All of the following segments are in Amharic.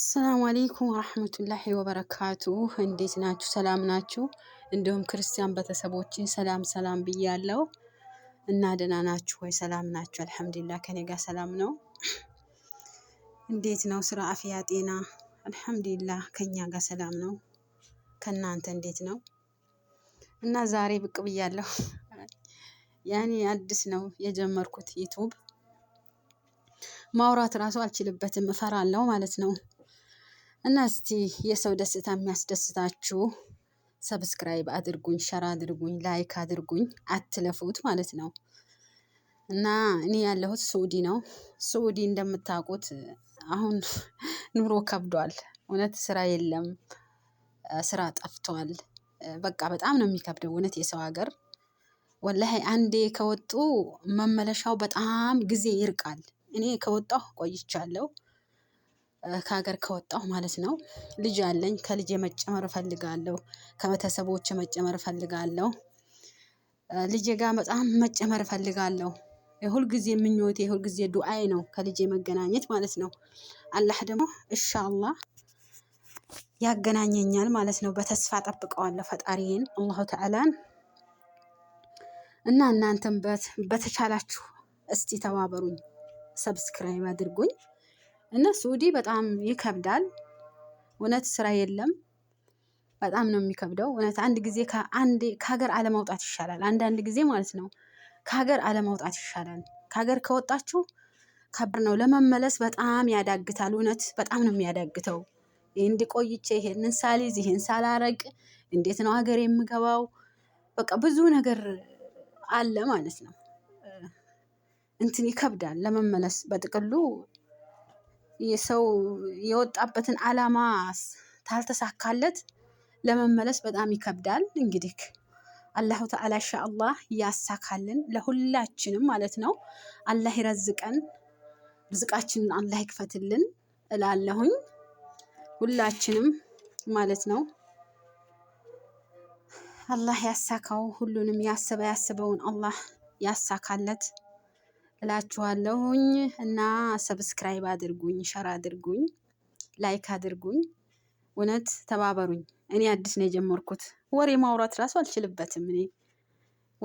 አሰላሙ አሌይኩም ረህመቱላሂ ወበረካቱ። እንዴት ናችሁ? ሰላም ናችሁ? እንዲሁም ክርስቲያን ቤተሰቦቼ ሰላም ሰላም ብያለሁ እና ደህና ናችሁ ወይ? ሰላም ናችሁ? አልሐምዱሊላህ ከኔ ጋር ሰላም ነው። እንዴት ነው ስራ፣ አፍያ፣ ጤና? አልሐምዱሊላህ ከኛ ጋር ሰላም ነው። ከእናንተ እንዴት ነው? እና ዛሬ ብቅ ብያለሁ። ያኔ አዲስ ነው የጀመርኩት ዩቱብ ማውራት እራሱ አልችልበትም፣ እፈራለሁ ማለት ነው። እና እስቲ የሰው ደስታ የሚያስደስታችሁ ሰብስክራይብ አድርጉኝ፣ ሸር አድርጉኝ፣ ላይክ አድርጉኝ፣ አትለፉት ማለት ነው። እና እኔ ያለሁት ስዑዲ ነው። ስዑዲ እንደምታውቁት አሁን ኑሮ ከብዷል። እውነት ስራ የለም፣ ስራ ጠፍቷል። በቃ በጣም ነው የሚከብደው እውነት የሰው ሀገር ወላሂ አንዴ ከወጡ መመለሻው በጣም ጊዜ ይርቃል። እኔ ከወጣሁ ቆይቻለሁ። ከሀገር ከወጣሁ ማለት ነው። ልጅ አለኝ ከልጅ መጨመር እፈልጋለሁ ከቤተሰቦች መጨመር እፈልጋለሁ። ልጄ ጋር በጣም መጨመር እፈልጋለሁ የሁልጊዜ ምኞቴ የሁልጊዜ ዱአዬ ነው ከልጄ መገናኘት ማለት ነው። አላህ ደግሞ እንሻላ ያገናኘኛል ማለት ነው። በተስፋ ጠብቀዋለሁ ፈጣሪን አላሁ ተዓላን። እና እናንተም በተቻላችሁ እስቲ ተባበሩኝ ሰብስክራይብ አድርጉኝ እና ውዲ በጣም ይከብዳል። እውነት ስራ የለም። በጣም ነው የሚከብደው። እውነት አንድ ጊዜ ከሀገር አለማውጣት ይሻላል። አንዳንድ ጊዜ ማለት ነው ከሀገር አለማውጣት ይሻላል። ከሀገር ከወጣችሁ ከብር ነው፣ ለመመለስ በጣም ያዳግታል። እውነት በጣም ነው የሚያዳግተው። እንዲህ ቆይቼ ይሄንን ሳልይዝ ይሄን ሳላረግ እንዴት ነው ሀገር የምገባው? በቃ ብዙ ነገር አለ ማለት ነው። እንትን ይከብዳል ለመመለስ በጥቅሉ የሰው የወጣበትን አላማ ታልተሳካለት ለመመለስ በጣም ይከብዳል። እንግዲህ አላሁ ተዓላ አላህ ያሳካልን ለሁላችንም ማለት ነው። አላህ ይረዝቀን፣ ርዝቃችንን አላህ ይክፈትልን እላለሁኝ ሁላችንም ማለት ነው። አላህ ያሳካው ሁሉንም ያሰበ ያስበውን አላህ ያሳካለት። እላችኋለሁኝ እና ሰብስክራይብ አድርጉኝ፣ ሸር አድርጉኝ፣ ላይክ አድርጉኝ። እውነት ተባበሩኝ። እኔ አዲስ ነው የጀመርኩት። ወሬ ማውራት ራሱ አልችልበትም። እኔ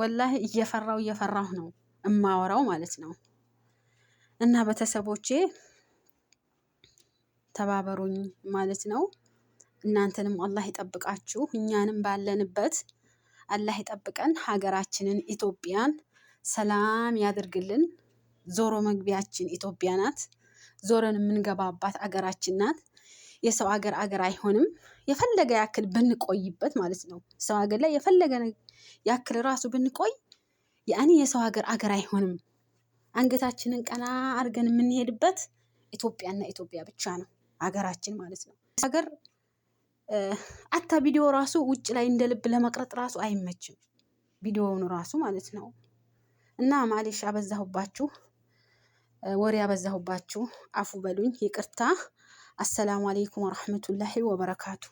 ወላሂ እየፈራው እየፈራሁ ነው እማወራው ማለት ነው። እና ቤተሰቦቼ ተባበሩኝ ማለት ነው። እናንተንም አላህ ይጠብቃችሁ፣ እኛንም ባለንበት አላህ ይጠብቀን። ሀገራችንን ኢትዮጵያን ሰላም ያድርግልን። ዞሮ መግቢያችን ኢትዮጵያ ናት። ዞረን የምንገባባት አገራችን ናት። የሰው አገር አገር አይሆንም። የፈለገ ያክል ብንቆይበት ማለት ነው። ሰው ሀገር ላይ የፈለገ ያክል ራሱ ብንቆይ ያኔ የሰው ሀገር አገር አይሆንም። አንገታችንን ቀና አድርገን የምንሄድበት ኢትዮጵያና ኢትዮጵያ ብቻ ነው፣ አገራችን ማለት ነው። ሀገር አታ ቪዲዮ ራሱ ውጭ ላይ እንደ ልብ ለመቅረጥ ራሱ አይመችም፣ ቪዲዮውን ራሱ ማለት ነው። እና ማሌሻ በዛሁባችሁ። ወሬ ያበዛሁባችሁ አፉ በሉኝ፣ ይቅርታ። አሰላሙ አሌይኩም ወረህመቱላሂ ወበረካቱ።